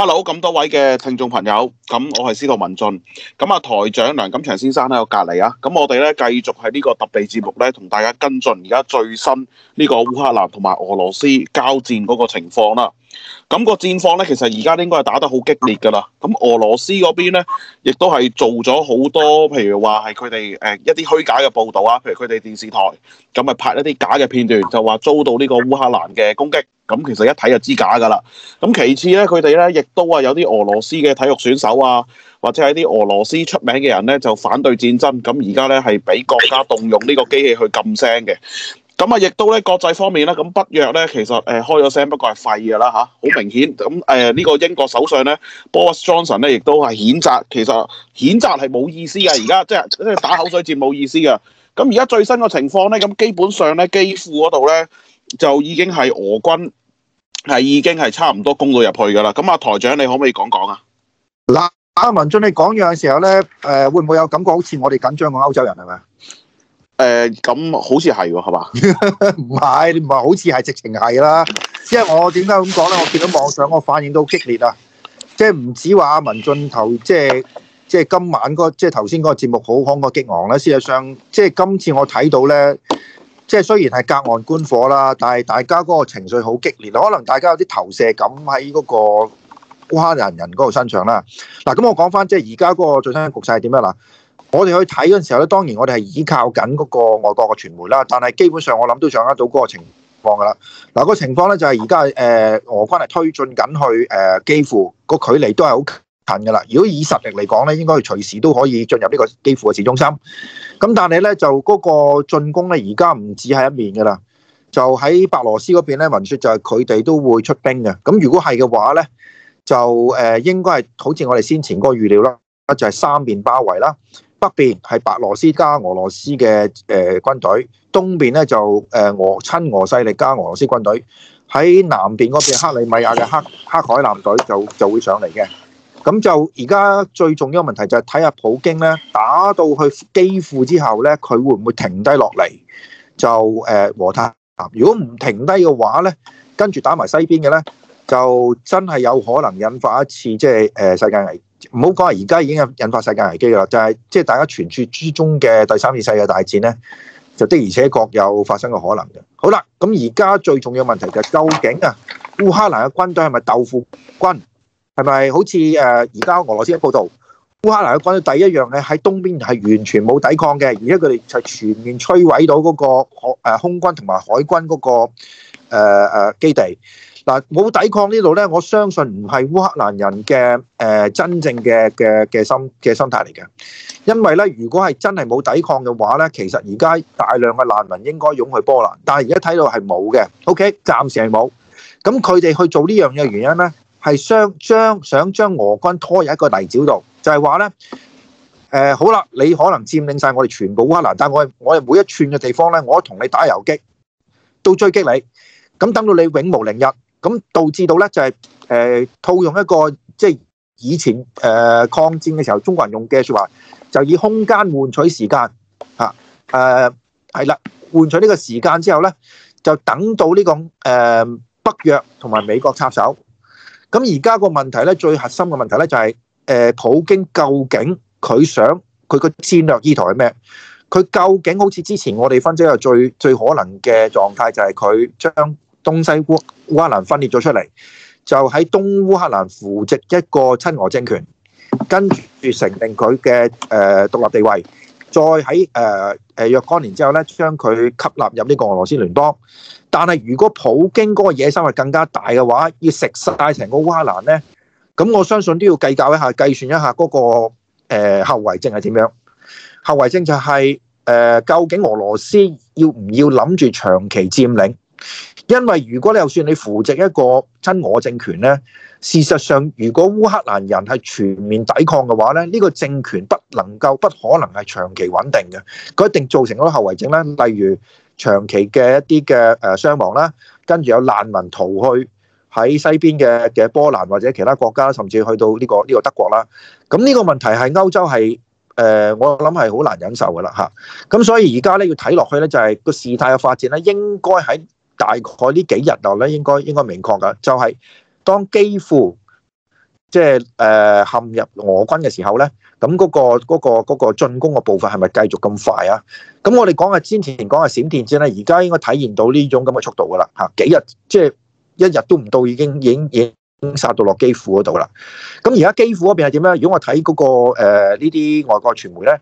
hello，咁多位嘅聽眾朋友，咁我係司徒文進，咁啊台長梁錦祥先生喺我隔籬啊，咁我哋咧繼續喺呢個特備節目咧，同大家跟進而家最新呢個烏克蘭同埋俄羅斯交戰嗰個情況啦。咁個戰況咧，其實而家應該係打得好激烈噶啦。咁俄羅斯嗰邊咧，亦都係做咗好多，譬如話係佢哋誒一啲虛假嘅報道啊，譬如佢哋電視台咁咪拍一啲假嘅片段，就話遭到呢個烏克蘭嘅攻擊。咁其實一睇就知假噶啦。咁其次咧，佢哋咧亦都啊有啲俄羅斯嘅體育選手啊，或者係啲俄羅斯出名嘅人咧，就反對戰爭。咁而家咧係俾國家動用呢個機器去禁聲嘅。咁啊，亦都咧，國際方面咧，咁北約咧，其實誒、呃、開咗聲，不過係廢嘅啦吓，好、啊、明顯。咁誒呢個英國首相咧，Boris Johnson 咧，亦 都係譴責，其實譴責係冇意思嘅，而家即係即係打口水戰冇意思嘅。咁而家最新嘅情況咧，咁基本上咧，基輔嗰度咧就已經係俄軍係已經係差唔多攻到入去㗎啦。咁啊，台長，你可唔可以講講啊？嗱，阿文進，你講嘢嘅時候咧，誒、呃、會唔會有感覺好似我哋緊張過歐洲人係咪？誒，咁、呃、好似係喎，係嘛？唔係， 唔係，好似係，直情係啦。因為我點解咁講咧？我見到網上個反應都激烈啊！即係唔止話阿文進頭，即係即係今晚嗰、那個，即係頭先嗰個節目好慷慨激昂咧、啊。事實上，即、就、係、是、今次我睇到咧，即係雖然係隔岸觀火啦，但係大家嗰個情緒好激烈啊。可能大家有啲投射感喺嗰個烏克蘭人嗰度身上啦。嗱，咁我講翻，即係而家個最新嘅局勢係點咧？嗱。我哋去睇嗰陣時候咧，當然我哋係依靠緊嗰個外國嘅傳媒啦，但係基本上我諗都掌握到嗰個情況噶啦。嗱、那，個情況咧就係而家誒俄軍係推進緊去誒基輔，個距離都係好近噶啦。如果以實力嚟講咧，應該係隨時都可以進入呢個基輔嘅市中心。咁但係咧就嗰個進攻咧而家唔止係一面噶啦，就喺白羅斯嗰邊咧，云說就係佢哋都會出兵嘅。咁如果係嘅話咧，就誒、呃、應該係好似我哋先前嗰個預料啦，就係、是、三面包圍啦。北邊係白羅斯加俄羅斯嘅誒軍隊，東邊咧就誒俄親俄勢力加俄羅斯軍隊，喺南邊嗰邊克里米亞嘅黑黑海艦隊就就會上嚟嘅。咁就而家最重要嘅問題就係睇下普京咧，打到去基輔之後咧，佢會唔會停低落嚟？就誒和談。如果唔停低嘅話咧，跟住打埋西邊嘅咧，就真係有可能引發一次即係誒世界危唔好講啊！而家已經係引發世界危機嘅啦，就係即係大家傳説之中嘅第三次世界大戰咧，就的而且確有發生嘅可能嘅。好啦，咁而家最重要問題就係究竟啊烏克蘭嘅軍隊係咪豆腐軍？係咪好似誒而家俄羅斯一報道烏克蘭嘅軍隊第一樣咧喺東邊係完全冇抵抗嘅，而家佢哋就全面摧毀到嗰個空軍同埋海軍嗰個誒基地。嗱，冇抵抗呢度咧，我相信唔係烏克蘭人嘅誒真正嘅嘅嘅心嘅心態嚟嘅，因為咧，如果係真係冇抵抗嘅話咧，其實而家大量嘅難民應該湧去波蘭，但係而家睇到係冇嘅，OK，暫時係冇。咁佢哋去做呢樣嘢嘅原因咧，係將將想將俄軍拖入一個泥沼度，就係話咧，誒好啦，你可能佔領曬我哋全部烏克蘭，但係我我哋每一寸嘅地方咧，我同你打遊擊，都追擊你，咁等到你永無寧日。咁導致到咧就係、是呃、套用一個即係以前誒、呃、抗戰嘅時候中國人用嘅說話，就以空間換取時間嚇啦、啊呃，換取呢個時間之後咧，就等到呢、這個、呃、北約同埋美國插手。咁而家個問題咧，最核心嘅問題咧就係、是呃、普京究竟佢想佢個戰略意圖係咩？佢究竟好似之前我哋分析啊，最最可能嘅狀態就係佢將。東西烏克蘭分裂咗出嚟，就喺東烏克蘭扶植一個親俄政權，跟住承認佢嘅誒獨立地位，再喺誒誒若干年之後咧，將佢吸納入呢個俄羅斯聯邦。但係如果普京嗰個野心係更加大嘅話，要食曬成個烏克蘭咧，咁我相信都要計較一下、計算一下嗰、那個誒、呃、後遺症係點樣。後遺症就係、是、誒、呃，究竟俄羅斯要唔要諗住長期佔領？因為如果你就算你扶植一個親我政權呢，事實上如果烏克蘭人係全面抵抗嘅話咧，呢個政權不能夠不可能係長期穩定嘅，佢一定造成咗啲後遺症啦，例如長期嘅一啲嘅誒傷亡啦，跟住有難民逃去喺西邊嘅嘅波蘭或者其他國家，甚至去到呢個呢個德國啦。咁呢個問題係歐洲係誒，我諗係好難忍受噶啦嚇。咁所以而家呢，要睇落去呢，就係個事態嘅發展咧，應該喺，大概呢幾日內咧，應該應該明確噶，就係當基輔即係誒陷入俄軍嘅時候咧，咁嗰個嗰個嗰個進攻嘅部分係咪繼續咁快啊？咁我哋講下先前講下閃電戰咧，而家應該體現到呢種咁嘅速度噶啦，吓幾日即係一日都唔到已，已經已經已經殺到落基輔嗰度啦。咁而家基輔嗰邊係點咧？如果我睇嗰個誒呢啲外國傳媒咧，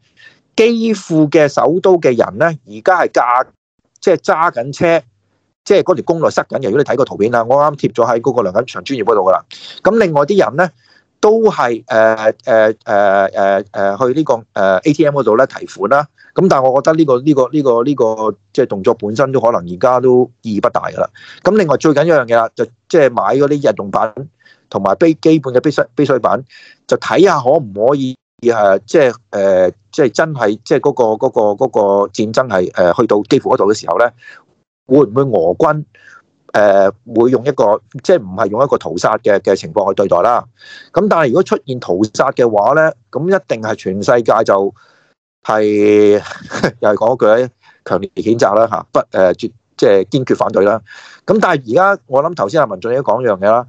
基輔嘅首都嘅人咧，而家係駕即係揸緊車。即係嗰條公路塞緊，如果你睇個圖片啦，我啱貼咗喺嗰個梁錦祥專業嗰度噶啦。咁另外啲人咧，都係誒誒誒誒誒去呢個誒 ATM 嗰度咧提款啦。咁但係我覺得呢個呢個呢個呢個即係動作本身都可能而家都意義不大噶啦。咁另外最緊要一樣嘢啦，就即係買嗰啲日用品同埋 basic 基本嘅必需品，就睇下可唔可以誒，即係誒，即係真係即係嗰個嗰個嗰個戰爭係去到幾乎嗰度嘅時候咧。會唔會俄軍誒、呃、會用一個即係唔係用一個屠殺嘅嘅情況去對待啦？咁但係如果出現屠殺嘅話咧，咁一定係全世界就係、是、又係講一句強烈譴責啦吓，不誒絕即係堅決反對啦。咁但係而家我諗頭先阿文進都講一樣嘢啦，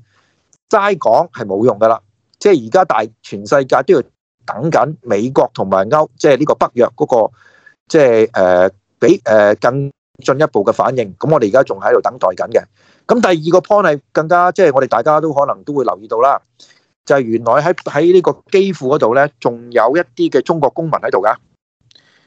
齋講係冇用噶啦，即係而家大全世界都要等緊美國同埋歐即係呢個北約嗰、嗰個即係誒比誒、呃、更。進一步嘅反應，咁我哋而家仲喺度等待緊嘅。咁第二個 point 係更加，即係我哋大家都可能都會留意到啦，就係原來喺喺呢個基輔嗰度咧，仲有一啲嘅中國公民喺度噶。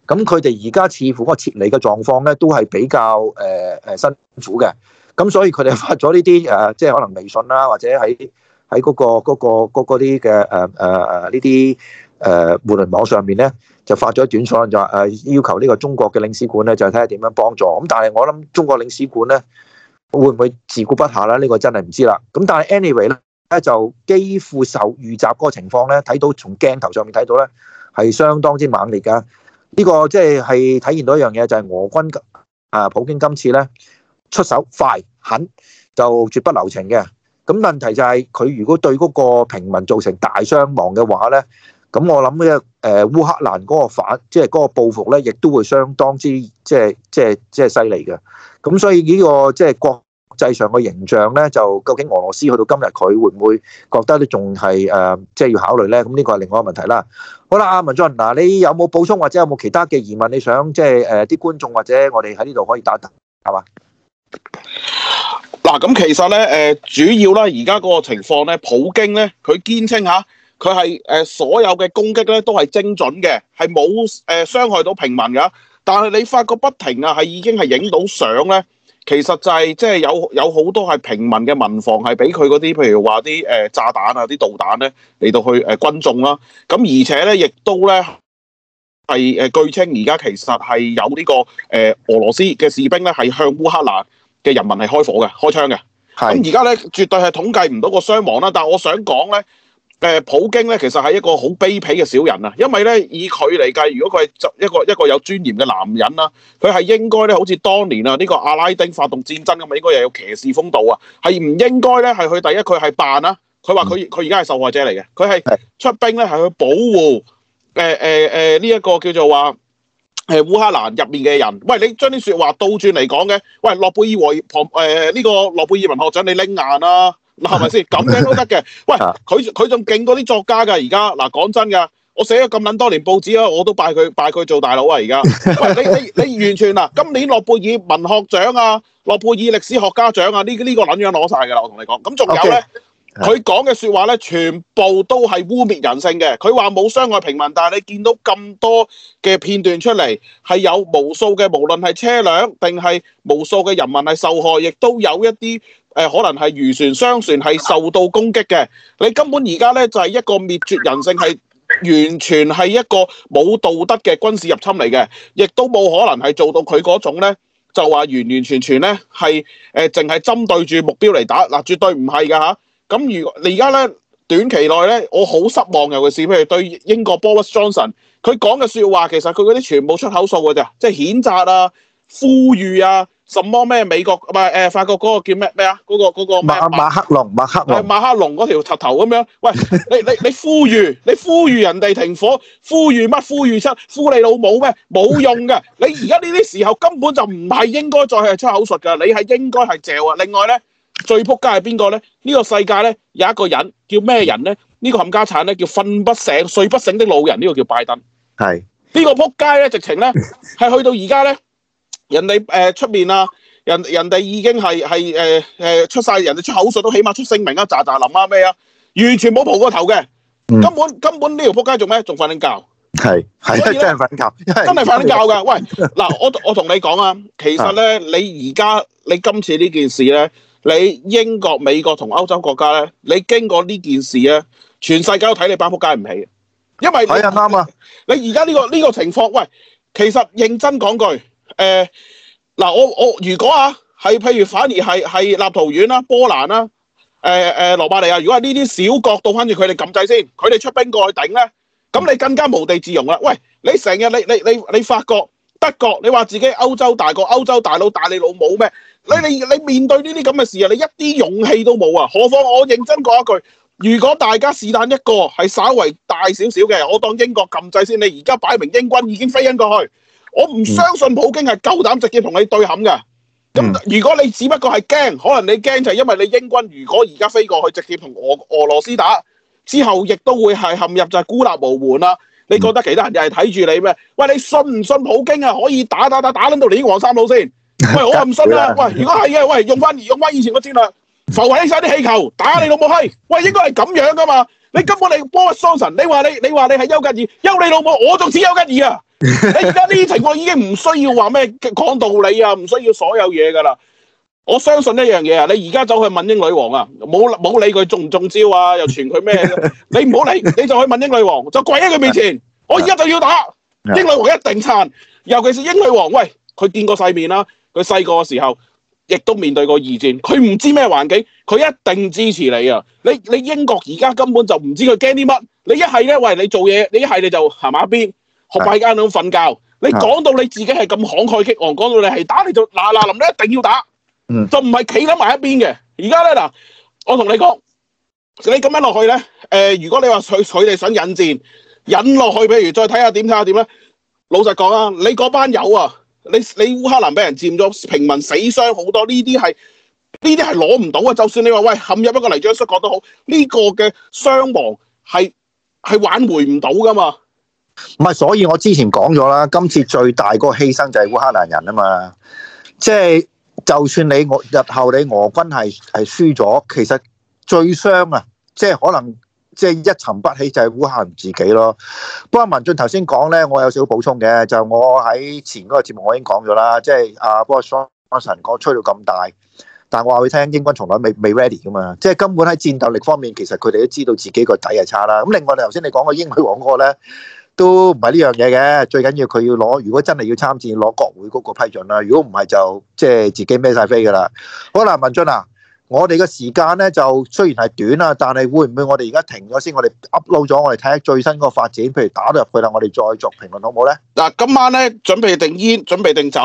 咁佢哋而家似乎嗰個撤離嘅狀況咧，都係比較誒誒辛苦嘅。咁所以佢哋發咗呢啲誒，即係可能微信啦，或者喺喺嗰個嗰個嗰嗰啲嘅誒誒誒呢啲。那個誒互聯網上面咧就發咗短訊，就、呃、話要求呢個中國嘅領事館咧就睇下點樣幫助咁。但係我諗中國領事館咧會唔會自顧不下啦？呢、呢個真係唔知啦。咁但係 anyway 咧，咧就幾乎受遇襲嗰個情況咧，睇到從鏡頭上面睇到咧係相當之猛烈㗎。呢、呢個即係係體現到一樣嘢，就係、係、俄軍啊普京今次咧出手快狠就絕不留情嘅。咁問題就係、係、佢如果對嗰個平民造成大傷亡嘅話咧。咁我諗咧，誒、呃，烏克蘭嗰個反，即係嗰個報復咧，亦都會相當之，即係，即係，即係犀利嘅。咁所以呢、這個即係國際上嘅形象咧，就究竟俄羅斯去到今日，佢會唔會覺得你仲係誒，即係要考慮咧？咁呢個係另外一個問題啦。好啦，阿文進，嗱，你有冇補充或者有冇其他嘅疑問？你想即係誒，啲、呃、觀眾或者我哋喺呢度可以答得係嘛？嗱，咁其實咧，誒、呃，主要咧，而家嗰個情況咧，普京咧，佢堅稱吓。佢係誒所有嘅攻擊咧，都係精準嘅，係冇誒傷害到平民噶。但係你發覺不停啊，係已經係影到相咧。其實就係即係有有好多係平民嘅民房係俾佢嗰啲，譬如話啲誒炸彈啊、啲導彈咧嚟到去誒軍中啦、啊。咁而且咧，亦都咧係誒據稱而家其實係有呢、這個誒俄羅斯嘅士兵咧係向烏克蘭嘅人民係開火嘅、開槍嘅。咁而家咧，絕對係統計唔到個傷亡啦。但係我想講咧。誒普京咧，其實係一個好卑鄙嘅小人啊！因為咧，以佢嚟計，如果佢係一個一個有尊嚴嘅男人啦，佢係應該咧，好似當年啊，呢、這個阿拉丁發動戰爭咁啊，應該又有騎士風度啊，係唔應該咧？係佢第一，佢係扮啦，佢話佢佢而家係受害者嚟嘅，佢係出兵咧係去保護誒誒誒呢一個叫做話誒烏克蘭入面嘅人。喂，你將啲説話倒轉嚟講嘅，喂，諾貝爾和旁誒呢個諾貝爾文學獎你拎硬啊！嗱，係咪先？咁樣都得嘅。喂，佢佢仲勁過啲作家㗎。而家嗱，講真㗎，我寫咗咁撚多年報紙啊，我都拜佢拜佢做大佬啊。而家，你你你完全啊。今年諾貝爾文學獎啊，諾貝爾歷史學家獎啊，呢呢個撚樣攞晒㗎啦。我同你講，咁仲有咧。佢講嘅説話呢，全部都係污蔑人性嘅。佢話冇傷害平民，但係你見到咁多嘅片段出嚟，係有無數嘅，無論係車輛定係無數嘅人民係受害，亦都有一啲誒、呃、可能係漁船、商船係受到攻擊嘅。你根本而家呢，就係、是、一個滅絕人性，係完全係一個冇道德嘅軍事入侵嚟嘅，亦都冇可能係做到佢嗰種呢，就話完完全全呢，係誒淨係針對住目標嚟打嗱，絕對唔係㗎嚇。咁如果你而家咧，短期內咧，我好失望，尤其是譬如對英國 Boris Johnson，佢講嘅説話，其實佢嗰啲全部出口數㗎咋，即係譴責啊、呼籲啊、什麼咩美國唔係誒法國嗰個叫咩咩啊？嗰個嗰個馬馬克龍，馬克龍，馬克龍嗰條柒頭咁樣，喂你你你呼籲，你呼籲人哋停火，呼籲乜呼籲出呼你老母咩？冇用嘅，你而家呢啲時候根本就唔係應該再係出口術㗎，你係應該係嚼啊！另外咧。最仆街係邊個咧？呢、這個世界咧有一個人叫咩人咧？呢、這個冚家產咧叫瞓不醒、睡不醒的老人，呢個叫拜登。係呢是的 個仆街咧，直情咧係去到而 家咧，人哋誒、呃、出面啊，人人哋已經係係誒誒出晒，人哋出口術都起碼出聲明啊，咋咋淋啊咩啊，完全冇蒲過頭嘅，根本根本呢條仆街做咩？仲瞓緊覺？係係的以真係瞓覺，真係瞓緊覺噶。真 喂，嗱，我我同你講啊，其實咧，啊、你而家你今次呢件事咧。你英國、美國同歐洲國家咧，你經過呢件事咧，全世界都睇你班仆街唔起，因為睇人啱啊！你而家呢個呢個情況，喂，其實認真講句，誒、呃、嗱，我我如果啊，係譬如反而係係立陶宛啦、啊、波蘭啦、啊、誒、呃、誒、呃、羅馬尼亞，如果呢啲小國到翻住佢哋撳掣先，佢哋出兵過去頂咧，咁你更加無地自容啦！喂，你成日你你你你發覺。德國，你話自己歐洲大國，歐洲大佬大你老母咩？你你，你面對呢啲咁嘅事啊，你一啲勇氣都冇啊！何況我認真講一句，如果大家是但一個係稍微大少少嘅，我當英國禁制先。你而家擺明英軍已經飛緊過去，我唔相信普京係夠膽直接同你對冚嘅。咁如果你只不過係驚，可能你驚就係因為你英軍如果而家飛過去直接同俄俄羅斯打之後，亦都會係陷入就係孤立無援啦。你覺得其他人就係睇住你咩？喂，你信唔信普京啊？可以打打打打撚到你已經黃衫佬先？喂，我唔信啦！ 喂，如果係嘅，喂，用翻用翻以前嘅戰略，浮起晒啲氣球打你老母閪！喂，應該係咁樣噶嘛？你根本你波一雙神，你話你你話你係邱吉爾，邱你老母，我仲似邱吉爾啊！ 你而家呢啲情況已經唔需要話咩講道理啊，唔需要所有嘢噶啦。我相信一樣嘢啊！你而家走去問英女王啊，冇冇理佢中唔中招啊？又傳佢咩？ 你唔好理，你就去問英女王，就跪喺佢面前。 我而家就要打 英女王，一定撐。尤其是英女王，喂，佢見過世面啦，佢細個嘅時候亦都面對過二戰，佢唔知咩環境，佢一定支持你啊！你你英國而家根本就唔知佢驚啲乜。你一係咧，喂，你做嘢；你一係你就行埋一邊，學埋啱啱咁瞓覺。 你講到你自己係咁慷慨激昂，講到你係打你就嗱嗱臨，你一定要打。嗯、就唔係企喺埋一邊嘅。而家咧嗱，我同你講，你咁樣落去咧，誒、呃，如果你話佢佢哋想引戰，引落去，譬如再睇下點睇下點咧。老實講啊，你嗰班友啊，你你烏克蘭俾人佔咗，平民死傷好多，呢啲係呢啲係攞唔到啊。就算你話喂，陷入一個泥漿摔角都好，呢、呢個嘅傷亡係係挽回唔到噶嘛。唔係，所以我之前講咗啦，今次最大嗰個犧牲就係烏克蘭人啊嘛，即係。就算你俄日後你俄軍係係輸咗，其實最傷啊，即係可能即係一沉不起就係烏克人自己咯。不過文進頭先講咧，我有少少補充嘅，就是、我喺前嗰個節目我已經講咗啦，即係啊，不過 Johnson 講吹到咁大，但係我話佢聽英軍從來未未 ready 㗎嘛，即係根本喺戰鬥力方面其實佢哋都知道自己個底係差啦。咁另外頭先你講個英女王嗰個咧。都唔係呢樣嘢嘅，最緊要佢要攞，如果真係要參戰，攞國會嗰個批准啦。如果唔係就即係自己孭晒飛噶啦。好啦，文進啊，我哋嘅時間咧就雖然係短啊，但係會唔會我哋而家停咗先？我哋 upload 咗，我哋睇下最新嗰個發展，譬如打到入去啦，我哋再作評論好唔好咧？嗱，今晚咧準備定煙，準備定酒，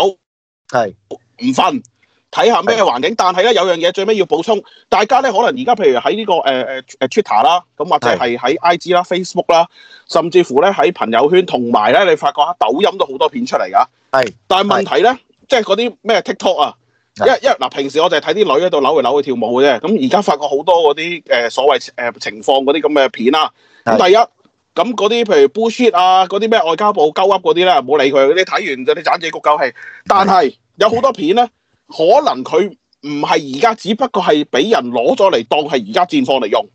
係唔分。是睇下咩環境，是的但係咧有樣嘢最尾要補充，大家咧可能而家譬如喺呢、這個誒誒、呃啊、Twitter 啦，咁或者係喺 IG 啦、的 Facebook 啦，甚至乎咧喺朋友圈，同埋咧你發覺嚇、啊、抖音都好多片出嚟㗎。係的，但係問題咧，是的即係嗰啲咩 TikTok 啊，一一嗱平時我哋睇啲女喺度扭嚟扭去跳舞嘅啫，咁而家發覺好多嗰啲誒所謂誒、呃、情況嗰啲咁嘅片啦、啊。咁的第一，咁嗰啲譬如 Bullshit 啊，嗰啲咩外交部鳩噏嗰啲咧，唔好理佢，你睇完就你斬自己個狗氣。但係的有好多片咧。可能佢唔係而家，只不過係俾人攞咗嚟當係而家戰況嚟用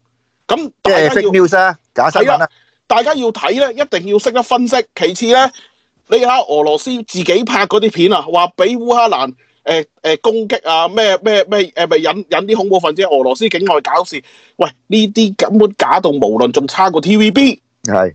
咁，即係要 news 啊假新聞啊，大家要睇咧，一定要識得分析。其次咧，你睇下俄羅斯自己拍嗰啲片啊，話俾烏克蘭誒誒攻擊啊，咩咩咩誒咪引引啲恐怖分子俄羅斯境外搞事。喂，呢啲根本假到，無論仲差過 T V B 係。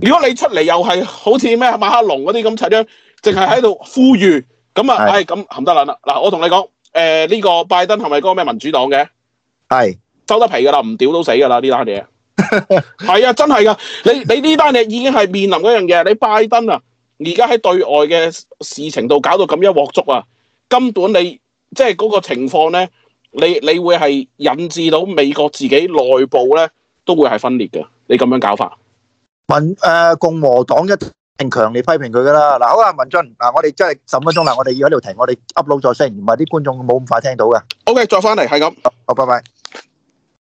如果你出嚟又係好似咩馬克龍嗰啲咁，着張淨係喺度呼籲，咁啊，唉是的、哎，咁冚得捻啦！嗱，我同你講，誒、呃、呢、這個拜登係咪嗰個咩民主黨嘅？係收是的 得皮噶啦，唔屌都死噶啦！呢單嘢，係啊，真係噶！你你呢單嘢已經係面臨嗰樣嘢，你拜登啊，而家喺對外嘅事情度搞到咁一鑊足啊！根本你即係嗰個情況咧，你你會係引致到美國自己內部咧都會係分裂噶。你咁樣搞法？民誒共和黨一定強烈批評佢㗎啦，嗱，好啊，文俊，嗱，我哋即係十分鐘啦，我哋要喺度停，我哋 upload 咗聲，唔係啲觀眾冇咁快聽到嘅。OK，再翻嚟係咁，好拜拜。